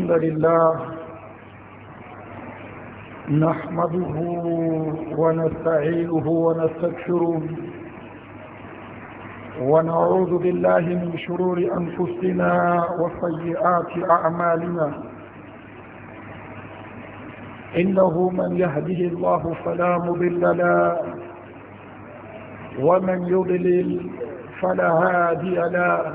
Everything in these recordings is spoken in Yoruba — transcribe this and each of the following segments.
الحمد لله نحمده ونستعينه ونستكشره ونعوذ بالله من شرور أنفسنا وسيئات أعمالنا إنه من يهده الله فلا مضل له ومن يضلل فلا هادي له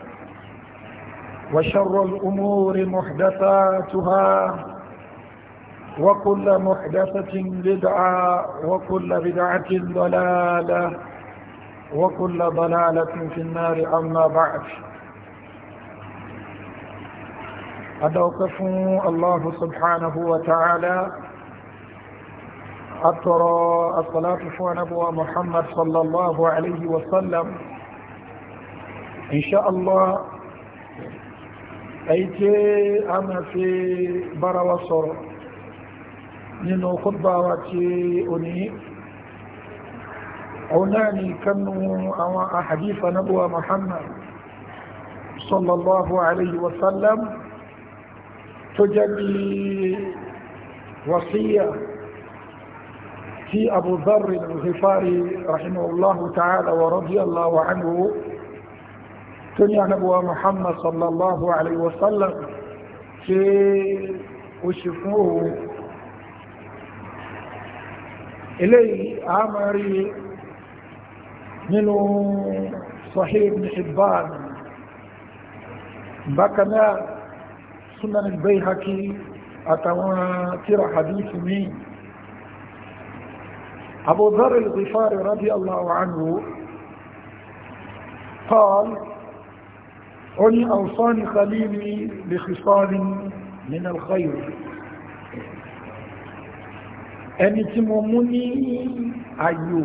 وشر الأمور محدثاتها وكل محدثة بدعة وكل بدعة ضلالة وكل ضلالة في النار أما بعد أدوقف الله سبحانه وتعالى أترى الصلاة في نبوة محمد صلى الله عليه وسلم إن شاء الله èyí tí a máa fi bára wa sọ̀rọ̀ nínú kútbà wa tí ó ní òun náà ni kánú àwọn àhàdífà náà Muhammad sallallahu alayhi wa sallam tó jẹ́ bí wàsíyà tí Abu Dharr al-Ghifari ta'ala wa radiyallahu anhu tó ní anábọ̀wà muhammad sallallahu alaihi wasallam ṣe ó ṣe fún òun eléyìí a máa rí nínú sahih ibn hibban bákanáà sunan al-bayhaqi àtàwọn tíra hadith míì أبو ذر الغفاري رضي الله عنه قال ó ní àwùsọ́ni khalili lè ṣìṣọ́ni nínú alkhayo ẹni tí mo mú ní ayò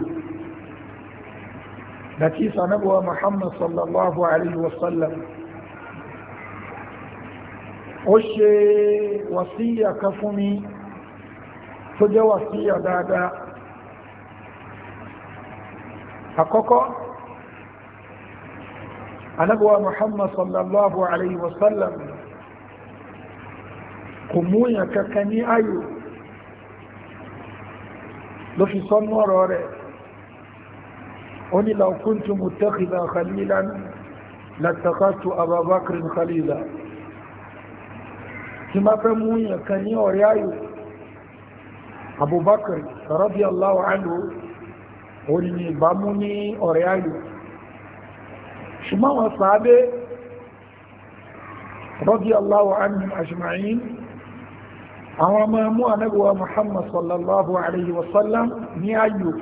dàtí sanabuwa muhammad sallallahu alaihi wasallam ó ṣe wàsíyà kan fún mi tó jẹ́ wàsíyà dáadáa àkọ́kọ́ anábọ̀wà muhammad sallallahu alayhi wa sallam kò múyàn kankan ní ayò ló fi sọ́nú ọ̀rọ̀ rẹ̀ ó ní law kuntu muttakhidhan khalilan lattakhadhtu Aba Bakrin khalila tí ma fẹ́ múyàn kan ní ọ̀rẹ́ radiyallahu anhu ó ní ìbámú ní شمعوا أصحابه رضي الله عنهم أجمعين أما مو نبوى محمد صلى الله عليه وسلم ني أيو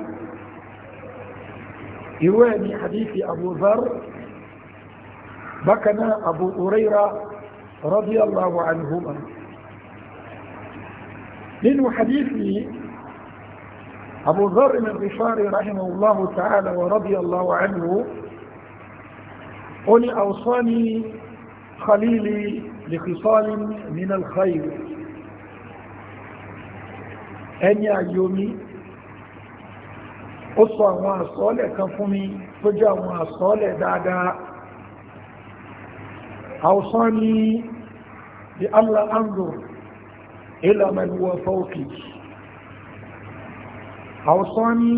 يواني حديث أبو ذر بكنا أبو هريره رضي الله عنهما لأن حديث أبو ذر من غفار رحمه الله تعالى ورضي الله عنه ó ní awsani khalili li khisalin min al-khayr ẹni àyòmí ó sọ àwọn àsọ́ọ̀lẹ̀ kan fún mi tó jẹ́ àwọn àsọ́ọ̀lẹ̀ dáadáa awsani bi alla anzur ila man huwa fawqi awsani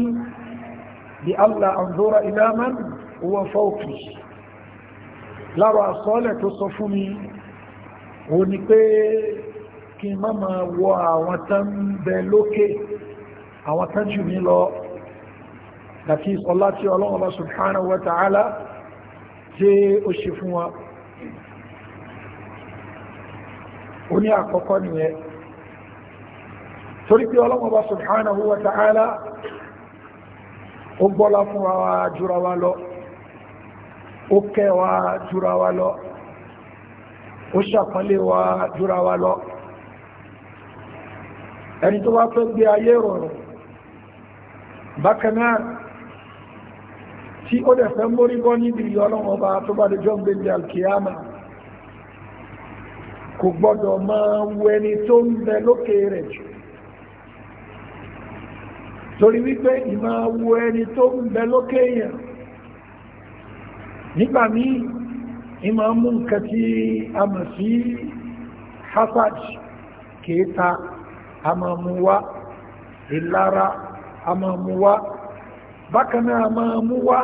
bi alla anzura ila man huwa fawqi lára àsọ́ọ̀lẹ̀ tó sọ fún mi o ni pé kí má ma wọ àwọn tán bẹ lókè àwọn tán jù mí lọ àti ọlá tí ọlọ́run bá subhanahu wa ta'ala tí ó ṣe fún wa o ní àkọ́kọ́ nìyẹn torí pé ọlọ́run bá subhanahu wa ta'ala ó gbọ́lá fún wa jùra wa lọ ó kẹ́ wa jura wa lọ ó ṣàpọ́nlé wa jura wa lọ ẹni tó bá fẹ́ gbé ayé rọrùn bákan náà tí ó dẹ̀ fẹ́ mórí bọ́ níbi ìyọ́lọ́wọ́ ọba tó bá dẹjọ́ ń gbèjì alkiyama kò gbọ́dọ̀ máa wu ẹni tó ń bẹ lókè rẹ̀ jù torí wípé ìmáa wu ẹni tó ń bẹ lókè yẹn nígbà míì ìmọ̀ mú nǹkan tí a mọ̀ sí hasaj kéta a mọ̀ mú wá ìlara a mọ̀ mú wá bákanáà a mọ̀ mú wá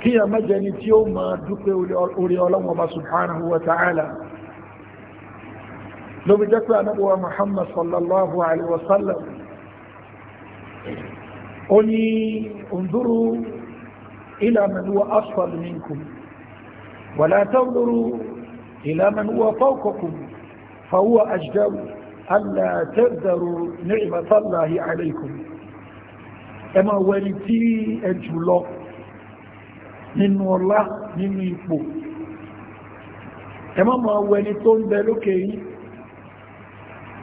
kí a má jẹni tí ó ma dúpẹ́ orí ọlọ́wọ́ bá subhanahu wa ta'ala ló bí jẹ́pẹ́ anábuwa muhammad sallallahu alaihi wasallam ó ní unduru إلى من هو أسفل منكم ولا تنظروا إلى من هو فوقكم فهو أجدر ألا تذروا نعمة الله عليكم أما ولتي أجلو من الله من يبو أما ما ولتون بلوكي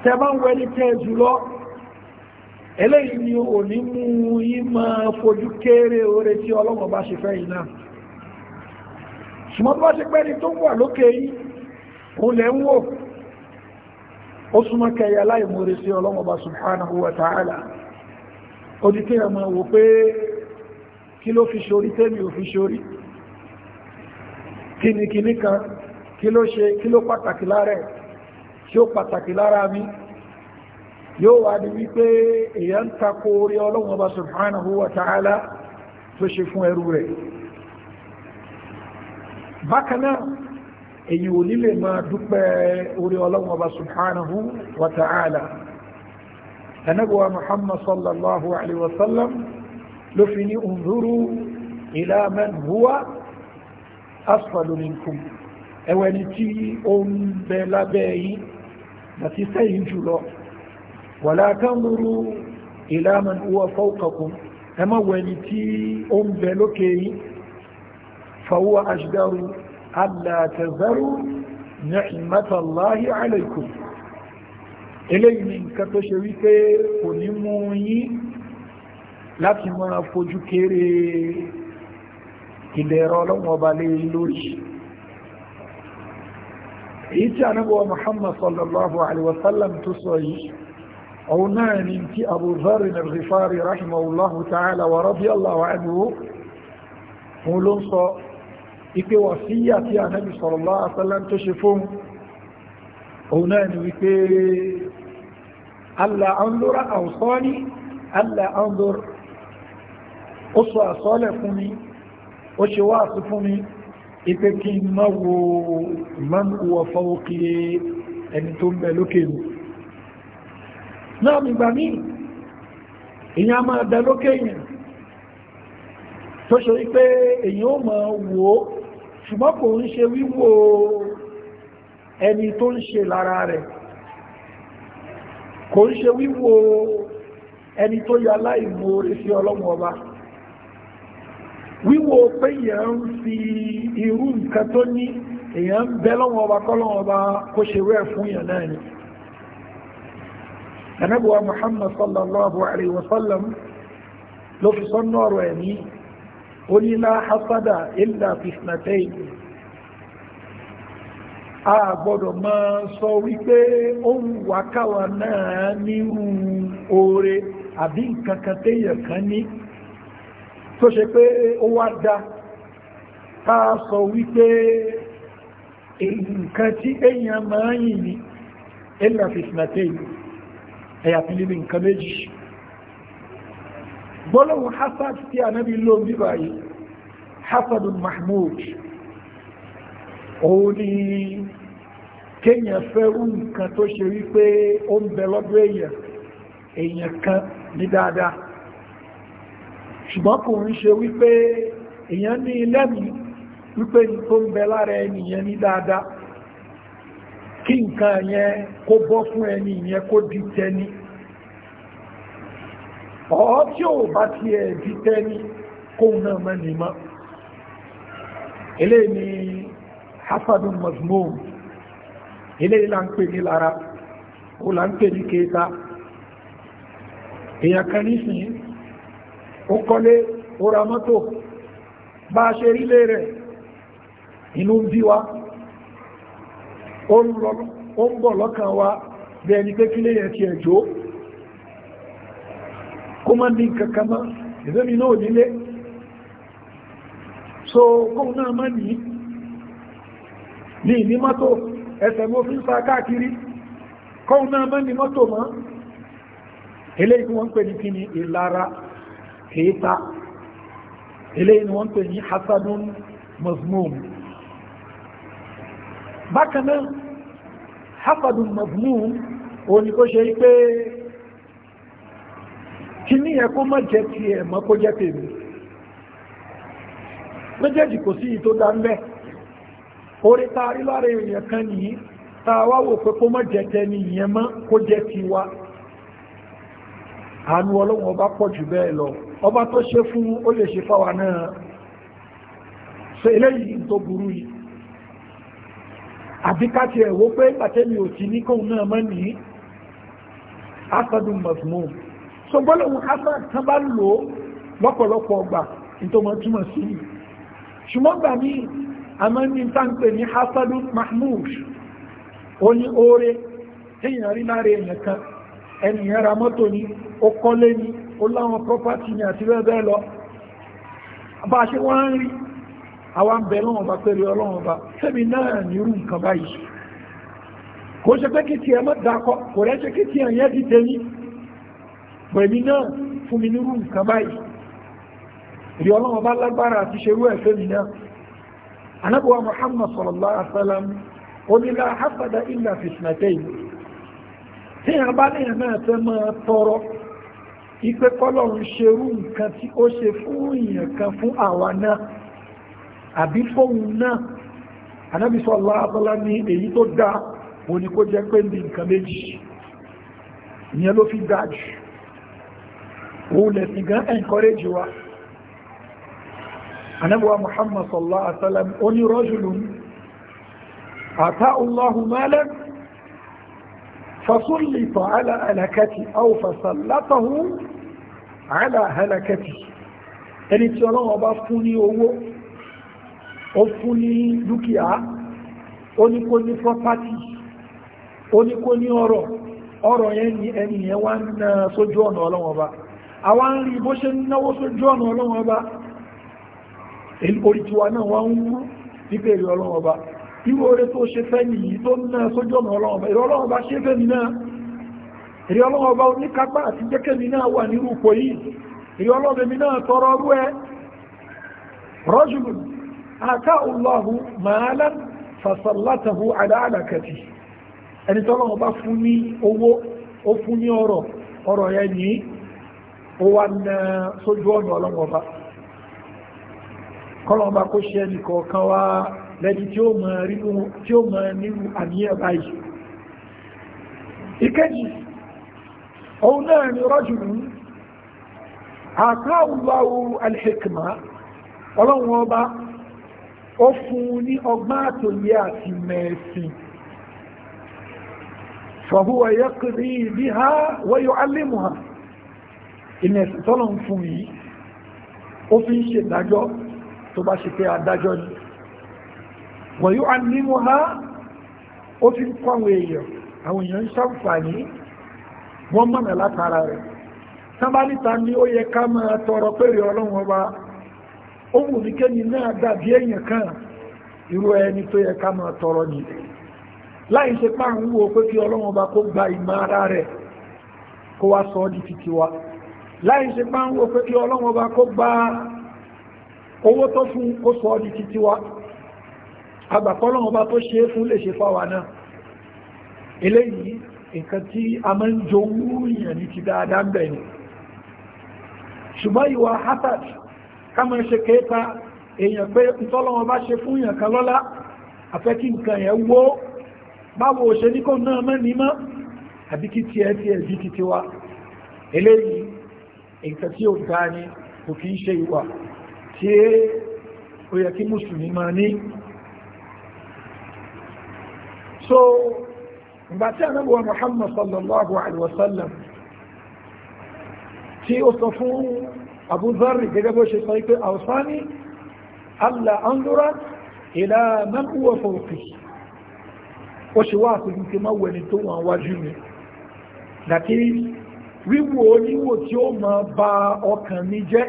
تمام ولتي أجلو eléyìí ni ò ní mú yí máa fojú kéré oore tí ọlọ́wọ́ bá ṣe fẹ́ yìí náà ṣùgbọ́n tó bá ṣe pẹ́ni tó wà lókè yìí òun lẹ́ ń wò ó súnmọ́ kẹyà láì múre sí ọlọ́wọ́ bá subhanahu wa ta'ala ó di kéyà máa wò pé kí ló fi ṣorí tẹ́mi ò fi ṣorí kí ni kan kí ló ṣe kí ló pàtàkì lára mi yóò wá di wípé èyàn takò orí ọlọ́run ọba subhanahu wa ta'ala tó ṣe fún ẹrú rẹ̀ bákanáà èyí ò nílè máa dúpẹ́ orí ọlọ́run ọba subhanahu wa ta'ala ẹnẹ́gbọ́wà muhammad sallallahu alaihi wasallam ló fi ní unzuru ila man huwa ẹwẹni tí ó ń bẹ lábẹ́ yìí àti sẹ́yìn jùlọ wala tanzuru ila man huwa fawqakum ẹ má wo ẹni tí ó ń bẹ lókè yìí fa huwa ashdaru alla tazaru ni'matallahi alaykum eléyìí ni nǹkan tó ṣe wípé kò ní mú yín láti máa fojú kéré ìdẹ̀rọ ọlọ́wọ́ ọba lórí èyí tí a nábọ̀ Muhammad sallallahu alaihi tó sọ yìí òun náà ni tí Abu Dharr al-Ghifari rahimahullahu ta'ala wa radiyallahu anhu òun ló ń sọ ipé wà síyà tí Ànábì sallallahu alaihi wasallam tó ṣe fún òun náà ni wípé alla anzura awsani alla anzur ó sọ àsọ́lẹ̀ fún mi ó ṣe wá sí fún mi ipé kí n máa wo man huwa fawqi ẹni tó ń bẹ lókè náà nígbà míì èyàn a máa dẹ lókè èyàn tó ṣe wípé èyàn ó máa wò ó ṣùgbọ́n kò ń ṣe wíwò ẹni tó ń ṣe lára rẹ̀ kò ń ṣe wíwò ẹni tó yọ aláìmoore sí ọlọ́mọ ọba wíwò pé èyàn fi irú nǹkan tó ní èyàn ń lọ́wọ́ ọba kọ́lọ́wọ́ ọba kó ṣe wẹ́ fún èyàn náà ni anábíwá muhammad sallallahu alaihi wasallam ló fi sọ́nà ọ̀rọ̀ ẹ̀mí ó ní lá hasada illa fitnatayn a gbọ́dọ̀ máa sọ wípé ó ń wákàwà náà nírú oore àbí nǹkan kan kan ní tó ṣe pé ó wá dá ká sọ wípé nǹkan tí èèyàn máa yìn ní illa fitnatayn ẹ̀yà fi níbi nǹkan méjì gbọ́lọ́hùn hasad tí a nábi ló ń bíbá yìí hasadun mahmud òun ni kéèyàn fẹ́ nǹkan tó ṣe wípé ó ń bẹ lọ́dọ̀ èèyàn èèyàn kan ní dáadáa ṣùgbọ́n kò ń ṣe wípé èèyàn ní lẹ́mìí wípé tó ń bẹ lára ẹnìyàn ní dáadáa kí nǹkan yẹn kó bọ́ fún ẹni yẹn kó di tẹni ọ̀ọ́ tí ò bá ti ẹ̀ di tẹni kóun náà mọ́ ni mọ́ eléyìí ni hasadun mazmum eléyìí là ń pè ní lára ó là ń pè ní kéta èèyàn kan nísìnyí ó kọ́lé ó ra mọ́tò bá a ṣe rí lé rẹ̀ inú ń bí wa ó ń bọ̀ lọ́kàn wa bí ẹni pé kílé yẹn ti ẹ̀jọ́ kó má ní kankan mọ́ ìdẹ́mi náà nílé so kóhun náà má ní ní ìní mọ́tò ẹsẹ̀ mo fi ń sa káàkiri kóhun náà má ní mọ́tò mọ́ eléyìí tí wọ́n pè ní kíni ìlara kèéta eléyìí ni wọ́n pè ní hasadun mazmum bákan náà hafadu mazmum òun ni kó ṣe pé kí ní ẹ kó má jẹ ti ẹ mọ́ kó jẹ́ tèmi méjèèjì kò sí ìtò dá ń orí taari lára èèyàn kan nìyí ta wò pé kó má jẹtẹ ní ìyẹn mọ́ kó jẹ́ ti wá àánú ọlọ́run ọba pọ̀ jù bẹ́ẹ̀ lọ ọba tó ṣe fún ó lè ṣe fáwa náà ṣe eléyìí tó burú yìí àbí káti ẹ̀wó pé pàtẹ́mi ò ti ní kóhun náà mọ́ ní asadu mazmum so gbọ́lọ̀hun asad tán bá lò lọ́pọ̀lọpọ̀ ọgbà ìtọ́mọ̀ túmọ̀ sí ṣùgbọ́n gbà ní àmọ́ ní táǹpé ní asadu mahmud ó ní oore téèyàn rí lára èèyàn kan ẹnìyàn ra mọ́tò ní ó kọ́lé ní ó láwọn property ní àti bẹ́ẹ̀ bẹ́ẹ̀ lọ bá ṣe wọ́n ń rí àwa ń bẹ lọ́wọ́n bá pẹ̀lú ọlọ́wọ́n bá sẹ́mi náà ní irú nǹkan báyìí kò ṣe pé kí tiẹ̀ mọ́ dakọ̀ kò rẹ́ ṣe kí tiẹ̀ yẹn dìde ní pẹ̀lú náà fún mi ní irú nǹkan báyìí ìdí ọlọ́wọ́n bá lágbára àti ṣerú ẹ̀ fẹ́mi náà anábọ̀wá Muhammad sallallahu alaihi wasallam onílà hafada illa fitnatayn tí a bá ní ẹ̀mẹ́ ẹ̀fẹ́ máa tọrọ ìpẹ́kọ́lọ̀ ń ṣerú nǹkan tí ó ṣe fún ìyẹn kan fún àwa náà àbí fóun náà anábi sallallahu alaihi wasallam ní èyí tó dá òní kó jẹ́ pé ní nǹkan méjì ìyẹn ló fi dájú òun lẹ̀sìn gan encourage wa anábíwa Muhammad sallallahu alaihi wasallam ó ní rajulun ata'ahu Allahu malan fasallata ala halakati aw fasallatahu ala ẹni tí ọlọ́wọ́ bá fún ní owó ó fún ní dúkìá ó ní kó ní property ó ní kó ní ọrọ̀ ọrọ̀ yẹn ni ẹni yẹn wá ń na sójú ọ̀nà ọlọ́wọ́n bá àwa ń rí bó ṣe ń náwó sójú ọ̀nà ọlọ́wọ́n bá orí tiwa náà wá ń mú níbèrè ọlọ́wọ́n bá irú oore tó ṣe fẹ́ nìyí tó ń náà sójú ọ̀nà ọlọ́wọ́n bá èrè ọlọ́wọ́n bá ṣe fẹ́ mi náà èrè ọlọ́wọ́n bá oníkápá àti jẹ́kẹ́ mi náà wà nírú ipò yìí èrè ọlọ́wọ́n mi náà tọrọ ọrú ẹ rọ́jùlù àkáà Allahu màálán fàṣàlátàhù àdáàdàkàtì ẹni tọ́lọ́ ọba fún ní owó ó fún ní ọ̀rọ̀ ọ̀rọ̀ yẹn ní ó wá na sójú ọ̀nà ọlọ́mọba kọ́lọ́mọba kó ṣe ẹnì kọ̀ọ̀kan wá lẹ́ni tí ó mọ̀ nínú àníyàn báyìí ìkejì òun náà ni rọ́jùlù àkáà Allahu alhikma ọlọ́run ọba ó fún un ní ọgbọ́n àtòyẹ àti mẹ́ẹ̀sìn fọ̀húwà yẹ́kìrí bí ha wọ́yọ̀ alẹ́mùhà ìmẹ̀sìn tọ́lọ̀ ń fún yìí ó fi ń ṣe ìdájọ́ tó bá ṣe pé adájọ́ ni wọ̀yọ̀ alẹ́mùhà ó fi ń kọ́ àwọn èèyàn àwọn wọ́n mọ̀nà látara rẹ̀ sábà ni ó yẹ ká máa tọrọ pé ọlọ́run ọba ó wù ní kéyìn náà dàbí èèyàn kan irú ẹni tó yẹ ká máa tọrọ ni láì ṣe pa àwọn wo pé kí ọlọ́run bá kó gba ìmọ̀ ara rẹ̀ kó wá sọ ọ́ di títí wa láì ṣe pa àwọn wo pé kí ọlọ́run bá kó gba owó tó fún kó sọ ọ́ di títí wa agbàkọ́lọ́run bá tó ṣe é fún lè ṣe fáwa náà eléyìí nǹkan tí a máa ń jọ wúrìyàn ní ti dáadáa ń bẹ̀ ni ṣùgbọ́n ìwà hasad kámọ̀ ṣe kéta èèyàn pé ìtọ́lọ́wọ́ bá ṣe fún èèyàn kan lọ́lá afẹ́ kí nǹkan yẹn wó báwo ṣe ní kò náà mọ́ ní mọ́ àbí kí tiẹ̀ tiẹ̀ bí ti tiwa eléyìí nǹkan tí ó dáa ni kò kí ń ṣe ìwà tí ó yẹ kí mùsùlùmí máa ní so ìgbàtí ànábùwà Muhammad sallallahu alaihi wasallam tí ó sọ fún àbúzárì gẹ́gẹ́ bó ṣe sọ wípé àwọ̀sáni allah andura ìlà mẹ́kúwọ̀ fòfì ó ṣe wá àti ti máa wẹni tó wọn wájú mi dàtí wíwò oníwò tí ó ma ba ọkàn mi jẹ́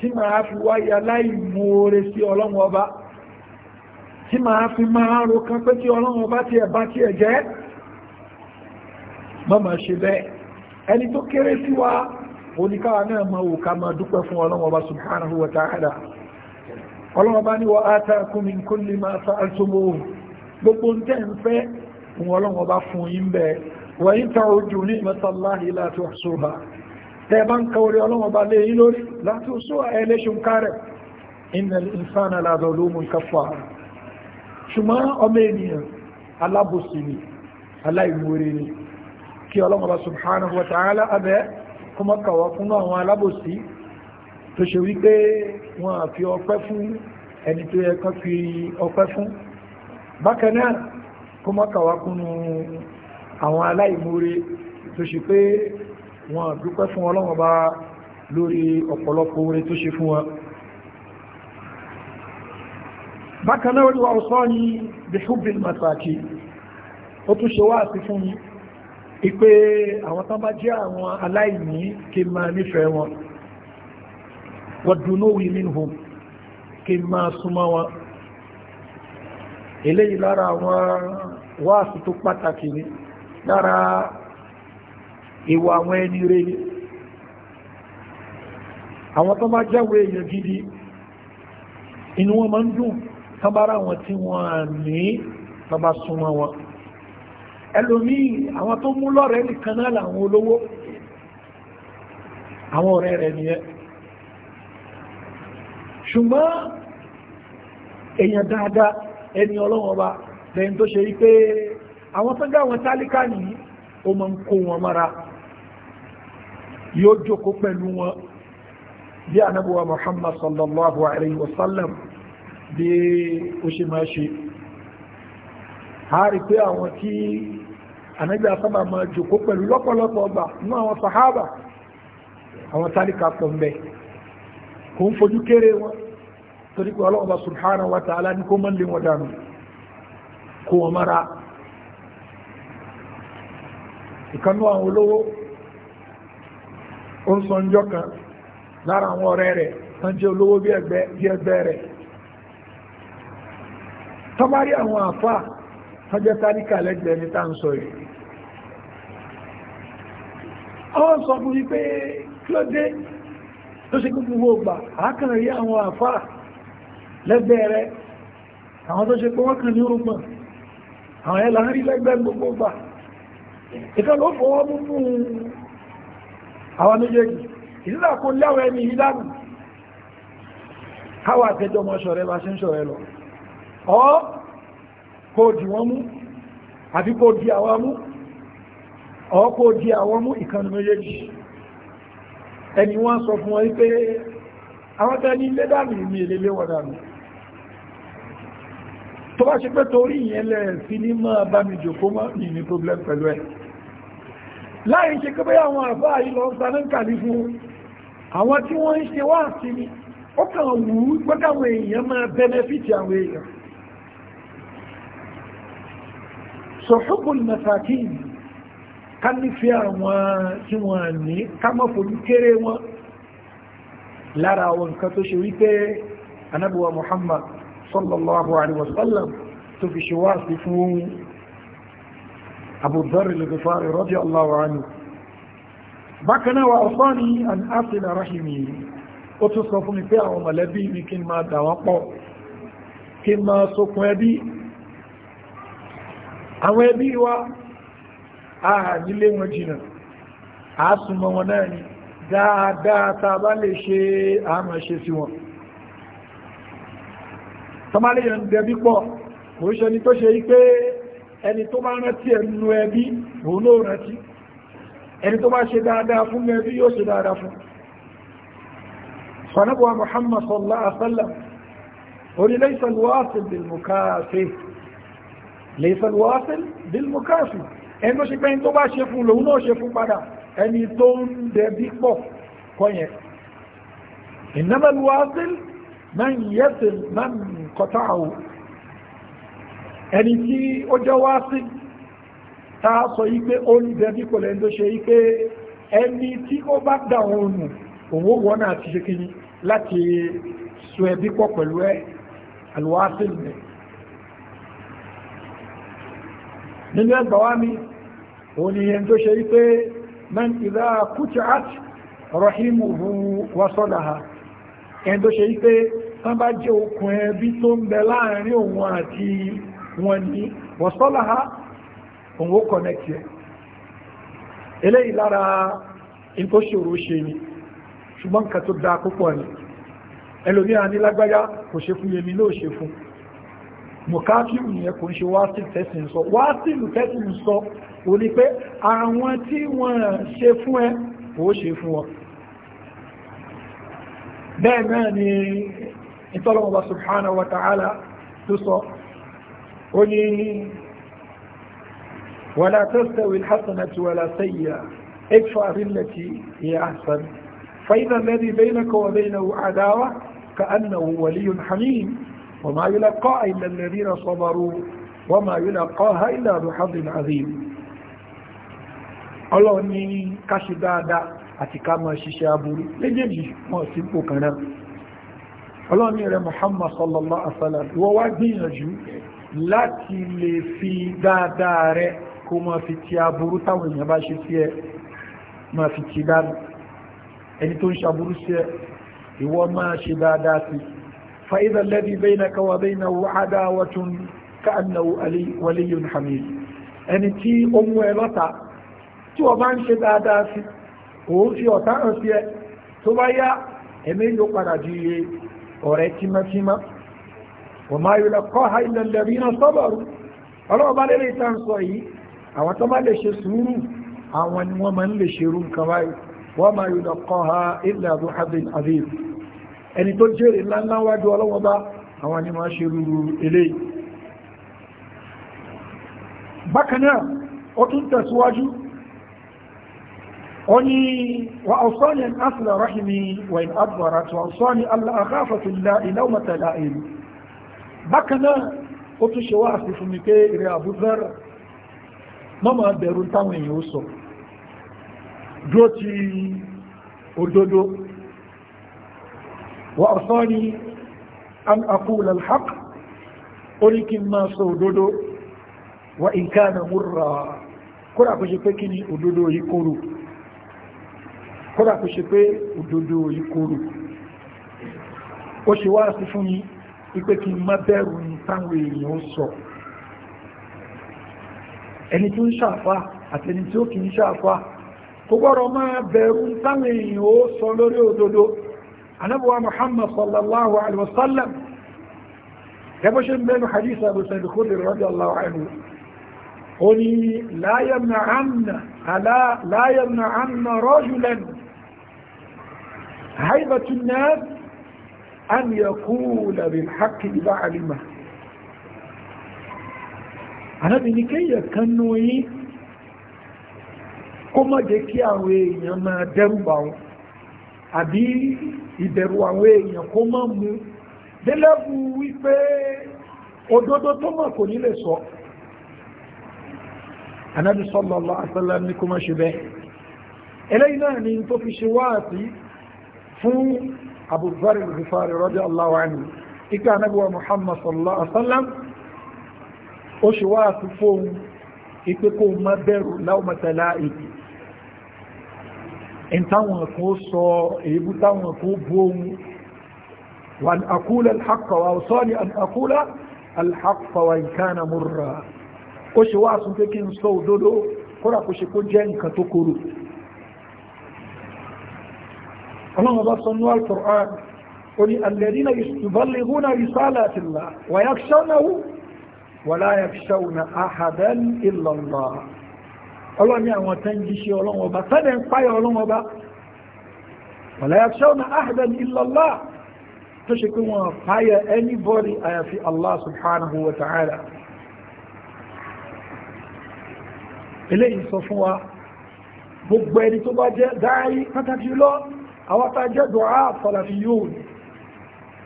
tí máa fi wáyà láì mòore sí ọlọ́run ọba tí máa fi máa ro kan pé tí ọlọ́run ọba tí tí ẹ̀ jẹ́ mọ́mọ̀ ṣe bẹ́ẹ̀ ẹni tó kéré sí wa oníkáwà náà ma wò ká ma dúpẹ́ fún ọlọ́wọ́ bá subhanahu wa ta'ala ọlọ́wọ́ bá ní wa atakum min kulli ma sa'altumuhu gbogbo ń tẹ́ ń fẹ́ fún ọlọ́wọ́ bá fún yín bẹ́ẹ̀ wa in ta'uddu ni'matallahi la tuhsuha tẹ́ bá ń kawrí ọlọ́wọ́ bá lé lórí la tuhsuha ẹ̀ kọmọkàwà fún àwọn alábòsí tó ṣe wípé wọn àfi ọpẹ́ fún ẹni tó yẹ kán fi ọpẹ́ fún bákan náà kọmọkàwà kúnnú àwọn aláìmoore tó ṣe pé wọn dúpẹ́ fún ọlọ́wọ́n bá lórí ọ̀pọ̀lọpọ̀ oore tó ṣe fún wọn bákan náà ipé àwọn tán bá jẹ́ àwọn aláìní kí n máa nífẹ̀ẹ́ wọn wọ́dúnówì minhum kí n máa súnmọ́ wọn eléyìí lára àwọn wáàsí tó pàtàkì ní lára ìwà àwọn ẹni rẹ̀ àwọn tó bá jáwé èèyàn gidi inú wọn máa ń dùn tán bára wọn tí wọ́n ní tán bá súnmọ́ wọn ẹlòmíì àwọn tó mú lọ́rẹ̀ẹ́ nìkan náà làwọn olówó àwọn ọ̀rẹ́ rẹ̀ nìyẹn ṣùgbọ́n èèyàn dáadáa ẹni ọlọ́wọ́n bá lẹ́yìn tó ṣe rí pé àwọn tó dáwọn tálíkà nìyí ó máa ń kó wọn mara yóò jókòó pẹ̀lú wọn bí anábúwa Muhammad sallallahu alaihi wasallam bí ó ṣe máa ṣe àárí pé àwọn tí anábì asábà máa jòkó pẹ̀lú lọ́pọ̀lọpọ̀ ọgbà nínú àwọn sàhábà àwọn tálíkà pọ̀ ń kò ń fojú kéré wọn torí pé ọlọ́run wa ta'ala kó mọ́lé wọn dànù kó mara ìkanú àwọn olówó ó ń sọ ń jọ lára àwọn ọ̀rẹ́ rẹ̀ tán jẹ́ tọ́jẹ́ táríkà lẹ́gbẹ̀ẹ́ ní tàà ń sọ yìí àwọn sọ fún wípé kí ló dé tó ṣe kúkú gbogbo àákàrẹ̀ rí àwọn àfá lẹ́gbẹ̀ẹ́ rẹ̀ àwọn tó ṣe pé wọ́n kàn ní orúgbọ̀n àwọn ẹ̀là ń rí lẹ́gbẹ̀ẹ́ gbogbo gbà ìkan ló fọwọ́ mú fún àwọn kó dì wọ́n mú àbí kó dì àwọn mú ọ̀ kó dì àwọn mú ìkànnì méjèèjì ẹni wọ́n sọ fún wọn pé àwọn tẹ́ ní ilé dànù ní ilé wọ́n dànù tó bá ṣe pé torí ìyẹn lẹ̀ sí ní máa bá mi jòkó mọ́ ní ní problem pẹ̀lú ẹ̀ láì ṣe kébé àwọn àbá yìí lọ sanáǹkà ní fún àwọn tí benefit àwọn èèyàn so hubbul masakin ká nífẹ́ àwọn tí wọ́n ní ká má fojú kéré wọn lára àwọn nǹkan tó ṣe wípé anábíwa muhammad sallallahu alaihi wasallam tó fi ṣe wá sí fún abu dharr al-ghifari radiyallahu anhu bákan náà wà ọ̀sánì àwọn ẹbí wa ààrílé wọn jìnà àásùnmọ́ wọn náà ni dáadáa tá a bá lè ṣe àmà ṣe sí wọn tọ́máléyàn dẹbí pọ̀ kò ṣe ni tó ṣe yí pé ẹni tó bá rántí ẹnu ẹbí òun ló rántí ẹni tó bá ṣe dáadáa fún ẹbí yóò ṣe dáadáa fún fanabuwa muhammad sallallahu alaihi orílẹ̀ ìsàlùwà sí bilmukaafi lẹ́fẹ́ wọ́sẹ̀ bílmùkáàfì ẹni tó ṣe pé tó bá ṣe fún lòun náà ṣe fún padà ẹni tó ń dẹbí pọ̀ kọyẹn ìnámẹ́lú wọ́sẹ̀ máa ń yẹ́sẹ̀ máa ń kọta àwò ẹni tí ó jẹ́ wọ́sẹ̀ ta sọ yí pé ó ń dẹbí pọ̀ lẹ́ni tó ṣe yí pé ẹni tí ó bá dà òun nù òun ó wọ́n náà ti ṣe kí láti sọ ẹbí pọ̀ pẹ̀lú ẹ àlùwọ́sẹ̀ nìyẹn nínú ẹgbà wá mi òní yẹn tó ṣe wípé man ìdá kúti at rahimu hu wasọ́láha ẹn tó ṣe wípé tán bá jẹ́ okùn ẹbí tó ń bẹ láàrin òun àti wọn ní wasọ́láha òun ó kọ̀nẹ́kì ẹ̀ eléyìí lára in tó ṣòro ṣe ni ṣùgbọ́n nǹkan tó dáa púpọ̀ ni ẹlòmíràn ní lágbájá kò ṣe fún yẹmi lóò ṣe fún mọ̀káfíù ni ẹkùn ṣe wáṣìlù tẹ́sìn sọ wáṣìlù tẹ́sìn sọ o ní pé àwọn tí wọ́n ṣe fún ẹ ó ṣe fún ọ bẹ́ẹ̀ náà ni ìtọ́lọ́mọba subhanahu wa ta'ala tó sọ ó ní wàlá tastawi alhasanatu wàlá sayya idfa billati وما يلقاها إلا الذين صبروا وما يلقاها إلا ذو حظ عظيم ọlọ́run ní ká ṣe dáadáa àti ká máa ṣiṣẹ́ aburú méjèèjì wọ́n sí pò kan náà ọlọ́run ní rẹ̀ Muhammad sallallahu alaihi wasallam wọ́n wá gbìyànjú láti lè fi dáadáa rẹ̀ kó máa fi ti aburú táwọn èèyàn bá ṣe sí ẹ máa fi ti dáadáa ẹni tó ń ṣaburú sí ẹ ìwọ máa ṣe dáadáa sí فإذا الذي بينك وبينه عداوة كأنه ولي حميد ẹni tí ó mú ẹ lọ́ta tí wọ́n bá ń ṣe dáadáa sí òun fi ọ̀tá hàn sí ẹ tó bá yá ẹ̀mí ló padà di ọ̀rẹ́ tímọ́tímọ́ wọ́n máa yọ lọ́kọ́ ha ilẹ̀ lẹ́rí náà sọ́bọ̀rù ọlọ́wọ́ bá lérè tá ń sọ yìí àwọn tó má lè ṣe sùúrù àwọn ni wọ́n máa ń lè ṣerú nǹkan báyìí wọ́n máa yọ lọ́kọ́ ha ilẹ̀ àbúhábìn àbíyèsí ẹni tó jèrè ńláńlá wájú ọlọ́wọ́ bá àwọn ni máa ṣe rúrú eléyìí bákanáà ó tún tẹ̀síwájú ó ní wa ọ̀sán yẹn asìlá rahimi wa in adbara tó ọ̀sán ni aláàkáfàtò ìlàúmọ̀tà láìlú bákanáà ó وأرضاني أن أقول الحق ولكن ما سودودو وإن كان مرا kódà kò ṣe pé kí ni òdodo yìí korò سفني kò ṣe pé òdodo yìí korò ó ṣe wá sí fún mi wípé kí n má ní táwọn èèyàn ó sọ ẹni tí ó ń ṣàfà àti ẹni tí ó kì í kò gbọ́dọ̀ máa bẹ̀rù táwọn èèyàn ó sọ lórí òdodo anábọ̀wá muhammad sallallahu alaihi wasallam gẹ́gẹ́ ṣe mẹ́nu hadisa abu sa'id khudri radiyallahu anhu ó ní la yamna'anna la yamna'anna rajulan haibatu an-nas an yaqula bil haqqi ba'lima anábì ní kéyà kan nù yí kó má jẹ́ kí àwọn èèyàn máa dẹ́rù bá wọn àbí ìbẹ̀rù àwọn èèyàn kó mọ́ mú délẹ́bù wípé òdodo tó mọ̀ kò ní lè sọ anábì sallallahu alaihi wasallam ní kó mọ́ ṣe bẹ́ẹ̀ eléyìí náà ni tó fi ṣe wáàtí fún Abu Dharr al-Ghifari radiyallahu anhu ikú wa Muhammad sallallahu alaihi ó ṣe wáàtí fóun ipe kó mọ́ bẹ̀rù lawmata la'ib ìtawọn fún sọ èébú táwọn fún bú ohun wà ní àkúlẹ̀ alhakawa sọ ni àkúlẹ̀ alhakawa ìkánà múra ó ṣe wá sún pé kí n sọ òdodo kóra kó ṣe kó jẹ́ nǹkan tó kóró ọlọ́run ọlọ́ni àwọn tẹ́ ń jíṣẹ́ ọlọ́wọ́ bá tẹ́lẹ̀ ń páyà ọlọ́wọ́ bá ọ̀lẹ́yàṣọ́nà ahdan illallah tó ṣe pé wọ́n páyà anybody àyàfi Allah subhanahu wa ta'ala eléyìí sọ fún wa gbogbo ẹni tó bá jẹ́ dáárí pàtàkì lọ àwọn tá jẹ́ dọ̀á fọlàfi yóò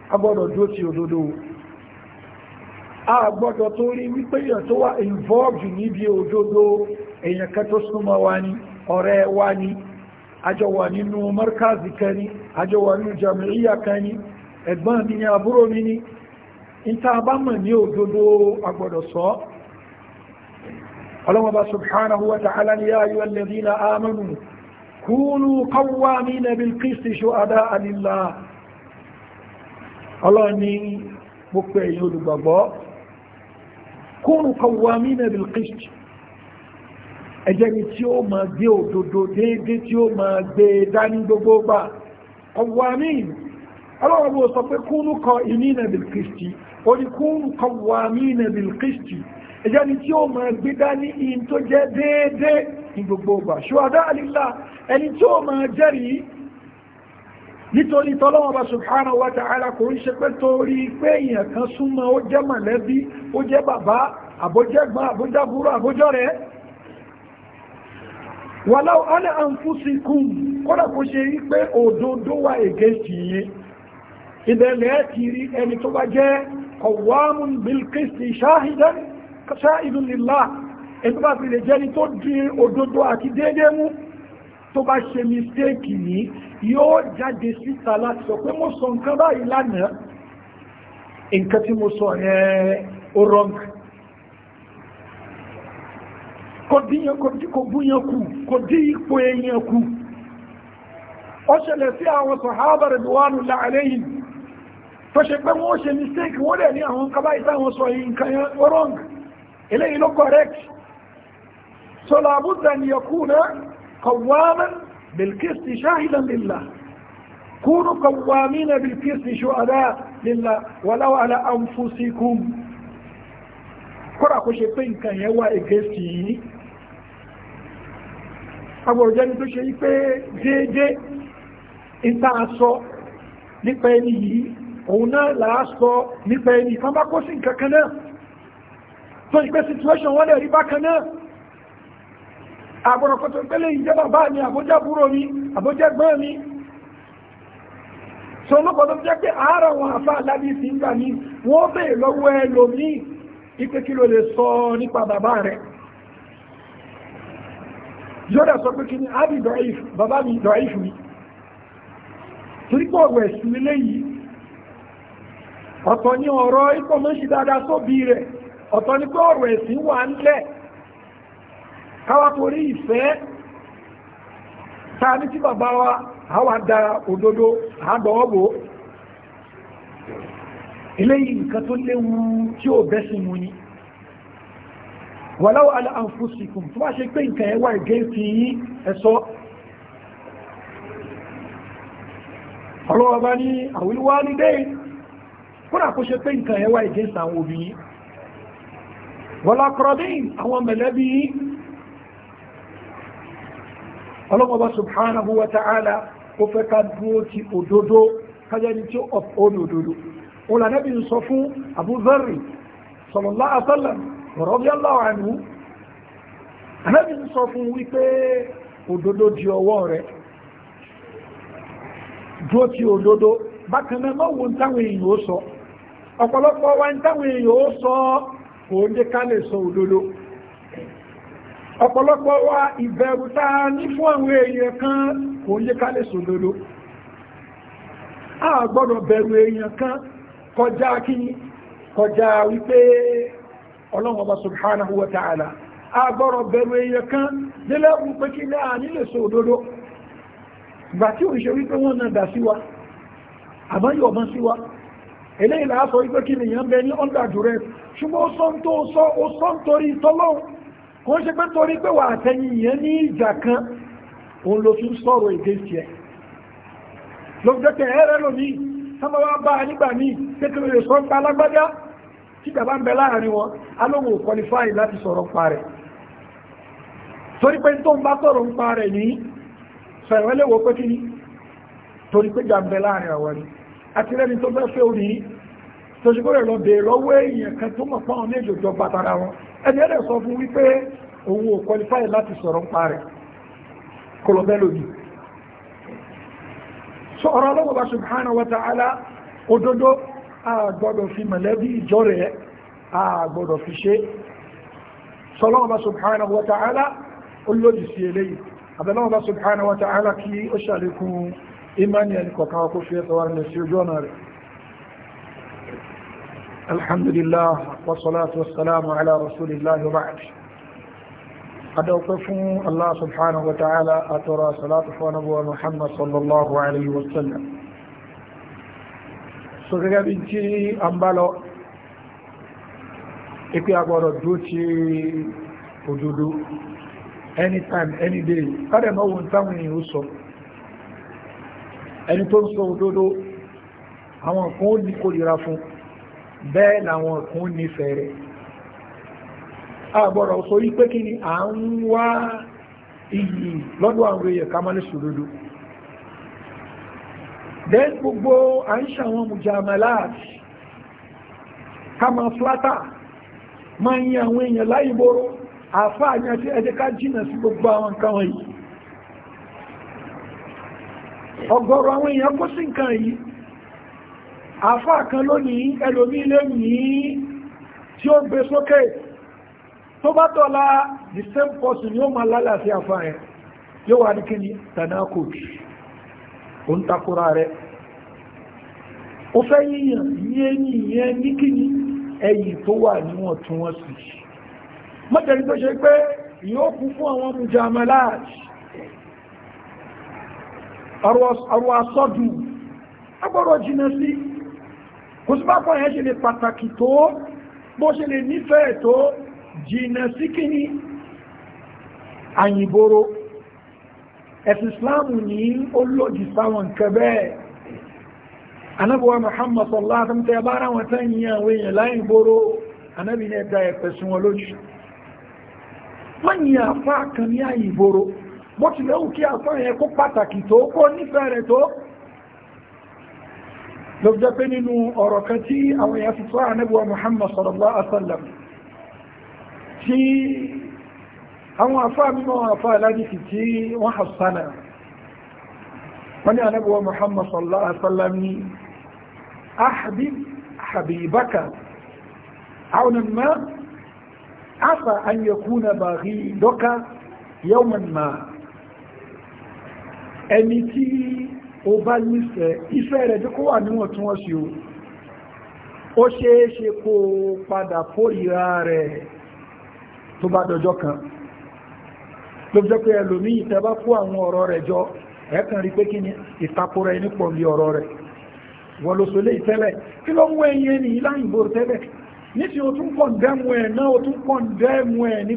a gbọ́dọ̀ èèyàn kan tó súnmọ́ wa ní ọ̀rẹ́ wa ní àjọ wà nínú markazi kan ní àjọ wà nínú jami'iyya kan ní ẹ̀gbọ́n mi ní àbúrò mi ní ìta àbámọ̀ ní òdodo agbọ́dọ̀ sọ ọlọ́mọba subhanahu wa ta'ala ni ya ayyuhal ladhina amanu kunu qawwamina bil qisti shuhada'a lillah ọlọ́ni mo pè èyí olùgbàgbọ́ kunu qawwamina bil qisti ẹjẹ́ni tí ó máa gbé òdodo déédé tí ó máa gbé e dání gbogbo gbà ọwọ́ amín ọlọ́wọ́ sọ pé kúnú kọ ìní nàbìl kristi ó ní kúnú kọ wà mí nàbìl kristi ẹjẹ́ni tí ó máa gbé dání in tó jẹ́ déédé ní gbogbo gbà ṣùwádá àlìlá ẹni tí ó máa jẹ́rìí nítorí tọ́lọ́wọ́ba subhanahu wa ta'ala kò ń pé torí pé èèyàn kan súnmọ́ ó jẹ́ mọ̀lẹ́bí ó jẹ́ bàbá àbójẹ́gbọ́n àbójábúrò àbójọ́ wàláwọ́ ánà àǹfúsìkún kọ́nà kó ṣe rí pé òdodo wà ègéjì yìí ìbẹ̀lẹ̀ ti rí ẹni tó bá jẹ́ kọwàmùn bilkisti ṣáàìdùn nílá ẹni tó bá fi lè jẹ́ni tó dí òdodo àti dédé mú tó bá ṣe mistéèkì ní yóò jáde síta láti sọ pé mo sọ nǹkan báyìí lánàá kò díyàn kò búyàn kù kò dí ipò èèyàn kù ó ṣẹlẹ̀ sí àwọn sọ̀hábà rẹ̀dùwánù láàrẹ́yìn tó ṣe pé wọ́n ṣe mistake wọ́n dẹ̀ ní àwọn kaba ìtàwọn sọ nǹkan wrong eléyìí ló correct so làbúdà ni yakuna qawwaman بالكسر شاهدا لله كونوا قوامين بالكسر شهداء لله ولو على أنفسكم kọ́ra kó ṣe pé nǹkan yẹn wá ègé sí yìí agbọ̀rọ̀ jẹ́ni tó ṣe wípé déédé ìta sọ nípa ẹni yìí òun náà làá sọ nípa ẹni kan bá kó sí nǹkan kan náà tó ṣe pé situation wọ́n lè rí bákan náà agbọ̀rọ̀ kọ́tọ̀ pẹ́lẹ̀ ìjẹ́ bàbá mi àbójábúrò mi àbójẹ́gbọ́n mi so lọ́pọ̀ tó jẹ́ pé àárọ̀ wọn àfá alábí sí ń gbà ní wọ́n bèèrè yóò dẹ̀ sọ pé kí ni ábì dọ̀ífù bàbá mi dọ̀ífù mi torí pọ̀ ọ̀rọ̀ ẹ̀sìn ilé yìí ọ̀tọ̀ ni ọ̀rọ̀ mọ́ sí dáadáa tó bí rẹ̀ ọ̀tọ̀ ni pé ọ̀rọ̀ ẹ̀sìn wà ń lẹ̀ wa àwa da òdodo àgbọ̀ọ́bò ilé yìí nǹkan tó léwu tí ò bẹ́sìn wàláwọ̀ aláàfúsìkùn tó bá ṣe pé nǹkan ẹwà ìgé ti yí ẹ̀sọ́ ọlọ́wọ́ bá ní àwílúwá ní dé kúrà kó ṣe pé nǹkan ẹwà ìgé sàwọn òbí wọ́lákọ́rọ́dín àwọn mẹ̀lẹ́bí ọlọ́wọ́ subhanahu wa ta'ala ó fẹ́ ká dúró ti òdodo radiyallahu anhu anábì ń sọ fún wípé òdodo di ọwọ́ rẹ̀ dúró ti ododo bákan mọ́wọ́ ń èèyàn ó sọ ọ̀pọ̀lọpọ̀ wa ń èèyàn ó sọ kò ká lè sọ ọ̀pọ̀lọpọ̀ wa ìbẹ̀rù táa ní fún àwọn èèyàn kan kò a ọlọ́run ọba subhanahu wa ta'ala agbọ́rọ̀ bẹ̀rù èèyàn kan nílẹ́bùn pé kí náà nílè so òdodo gbà tí òṣèré wípé wọ́n náà dà sí wa àmọ́ yóò mọ́ sí wa eléyìí là á wípé kí nìyàn bẹ ní under ṣùgbọ́n ó sọ ó torí tọ́lọ́run kò ń ṣe pé torí pé wà àtẹ̀yìn ní ìjà kan òun ló fi ń sọ̀rọ̀ èdè tiẹ̀ lọ́jọ́ tẹ̀ lónìí sábà wá bá a nígbà míì kékeré sọ́n pa alágbádá tí bàbá ń bẹ láàrin wọn alóhùn ò qualify láti sọ̀rọ̀ pa rẹ̀ torí pé tó ń bá sọ̀rọ̀ ń pa rẹ̀ ní sọ̀rọ̀lẹ́wọ̀ pé kí ni torí pé jàǹbẹ̀ láàrin àwọn ni àti rẹ́ni tó fẹ́ fẹ́ orí tó ṣe kórè lọ bèèrè lọ́wọ́ èèyàn kan tó mọ̀ pọ́n méjì òjò bàtàrà wọn ẹni subhanahu wa ta'ala òdodo a gbọ́dọ̀ fi mọ̀lẹ́bí ìjọ rẹ̀ a gbọ́dọ̀ fi ṣe sọlọ́wọ́ba subhanahu wa ta'ala ó lòdì sí eléyìí àbẹ̀lọ́wọ́ba subhanahu wa ta'ala kí ó ṣàlékún imani ẹni kọ̀kan kó fi ẹsẹ̀ wárin sí ojú ọ̀nà rẹ̀ alhamdulillah wa salatu wa salamu ala rasulillah wa ba'd adọ́pẹ́ fún allah subhanahu wa ta'ala àtọrọ salatu fún muhammad sallallahu alaihi wa so gẹ́gẹ́ bí tí a ń bá lọ ipe agbọ́dọ̀ dúró ti òdodo anytime any day kádẹ̀ náà wọ́n táwọn èèyàn ó sọ ẹni tó ń sọ òdodo àwọn kan ó ní kórìíra fún bẹ́ẹ̀ làwọn kan ó nífẹ̀ẹ́ rẹ̀ agbọ́dọ̀ sọ wípé kí ni à ń wá iyì lọ́dọ̀ àwọn èèyàn ká má lè then gbogbo à ń ṣàwọn mùjàmàláàtì ká máa flátà máa ń yin àwọn èèyàn láìboro àfáà ní àti ẹjẹ́ ká jìnà sí gbogbo àwọn nǹkan wọ̀nyí ọ̀gọ̀rọ̀ àwọn èèyàn kó sí nǹkan yìí àfáà kan lónìí ẹlòmí lè ní tí ó gbé sókè tó bá tọ́lá the same person yóò máa lálàáfíà fáà yóò wà ní kíni tanakoti ó ń takora rẹ̀ ó fẹ́ yíyàn ní ẹni ìyẹn ní kíni ẹ̀yìn tó wà níwọ̀ntúnwọ̀nsì mọ́tẹ̀lì tó ṣe pé yóò kú fún àwọn mujamaláàjì ọ̀rọ̀ asọ́dù agbọ́rọ̀ jìnà sí kò sí bá pọ̀ yẹn ṣe lè pàtàkì tó bó ṣe lè nífẹ̀ẹ́ tó jìnà sí kíni àyìnbóró ẹ̀sìn islam ní olóòjì sáwọn nǹkan bẹ́ẹ̀ anábọ̀wá muhammad sallallahu alaihi wasallam bára wọn tán yí àwọn èèyàn láyìn gbóró anábì ní ẹ̀dá ẹ̀pẹ̀ sun wọn lójú wọ́n yí àfá kan ní àyè ìgboro bó tilẹ̀ ó kí àfá yẹn kó pàtàkì tó kó nífẹ̀ẹ́ rẹ̀ tó ló jẹ́ pé nínú ọ̀rọ̀ kan tí àwọn èèyàn fi fọ́ anábọ̀wá muhammad sallallahu alaihi àwọn afá mímọ́ àwọn afá aládìsì tí wọ́n hassana wọ́n ni anábíwá muhammad sallallahu alaihi wasallam ni ahbib habibaka aunan ma asa an yakuna baghiduka yawman ma ẹni tí ó bá nífẹ̀ẹ́ ìfẹ́ rẹ̀ tí kó wà níwọ̀ntúnwọ̀nsí o ó ṣeéṣe kó padà fórìíra rẹ̀ tó bá dọjọ́ kan ló jẹ́ pé ẹlòmí ìtẹ́bá kó àwọn ọ̀rọ̀ rẹ̀ jọ ẹ̀kàn rí pé kí ni ìtakora ẹni pọ̀ ní ọ̀rọ̀ rẹ̀ wọ́n ló sọ ìtẹ́lẹ̀ kí ló ń wọ ẹyin ẹni tẹ́lẹ̀ nítorí o tún kọ̀ndẹ́mù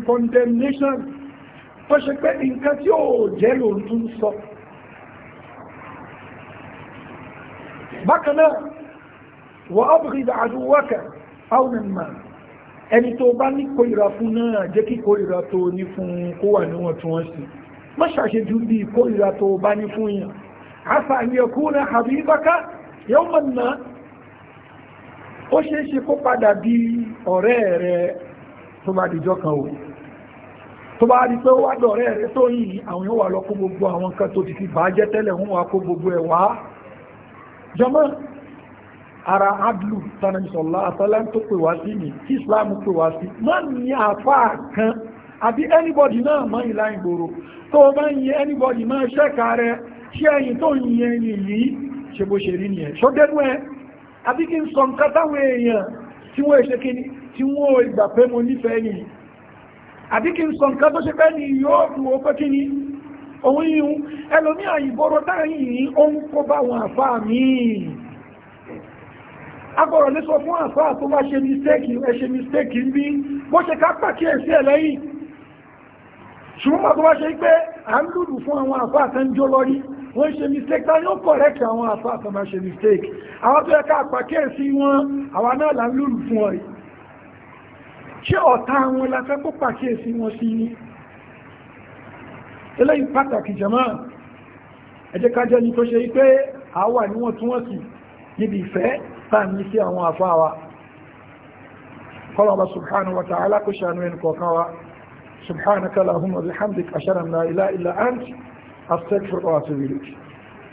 condemnation tó ṣe pé nǹkan tí ó jẹ́ ló ń tún sọ ẹni tó bá ní kórìíra fún náà jẹ́ kí kórìíra tó ní fún kó wà níwọ̀ntúnwọ̀nsì má ṣàṣejù bí kórìíra tó bá ní fún yàn àṣà àmìyànkú na habibaka yóò mọ̀ nà ó ṣe é ṣe kó padà bí ọ̀rẹ́ rẹ̀ tó bá dìjọ́ kan o tó bá rí pé ó wá dọ̀rẹ́ rẹ̀ tó yìí àwọn yóò wà lọ kó gbogbo àwọn nǹkan tó ti fi bàá jẹ́ tẹ́lẹ̀ wọn wà kó gbogbo ẹ̀ wá jọmọ́ ara adlu tánàbí sọ̀lá àtọ́lá tó pè wá sí ni tí islam pè wá sí má ní àfá kan àbí anybody náà mọ́ ìlà ìgboro tó o bá ń yẹ anybody máa ṣẹ́ka rẹ ṣé ẹyin tó ń yẹ ẹyin yìí ṣe bó ṣe rí nìyẹn ṣọ́dẹ́nu ẹ àbí kí n sọ nǹkan táwọn èèyàn tí wọ́n ṣe kíni tí wọ́n ìgbà pé mo nífẹ̀ẹ́ yìí àbí kí n sọ nǹkan tó ṣe pẹ́ ni yóò fún ó pé kíni òun yìí ẹlòmí àyìnbọ̀rọ̀ táyìn ní ó ń kó bá wọn àfáà míì agbọ̀rọ̀ lè sọ fún àfáà tó bá ṣe mistake ẹ ṣe mistake ń bí bó ṣe ká pàkíyèsí ẹ̀ lẹ́yìn ṣùgbọ́n tó bá ṣe pé à ń lùdù fún àwọn àfáà tó ń jó lórí wọ́n ṣe mistake tá yóò correct àwọn àfáà tó bá ṣe mistake àwọn tó yẹ ká pàkíyèsí wọn àwa náà là ń lùdù fún ọ rí ṣé ọ̀tá wọn la fẹ́ kó pàkíyèsí wọn sí ní eléyìí pàtàkì jẹ̀mọ́ ẹ̀jẹ̀ ká jẹ́ ni tó ṣe pé àwa níwọ̀ntúnwọ̀nsì níbi ìfẹ́ فهم نسيئا وافاوا قال الله سبحانه وتعالى كشان وينك وقوا سبحانك اللهم وبحمدك اشهد ان لا إله إلا أنت أستغفر الله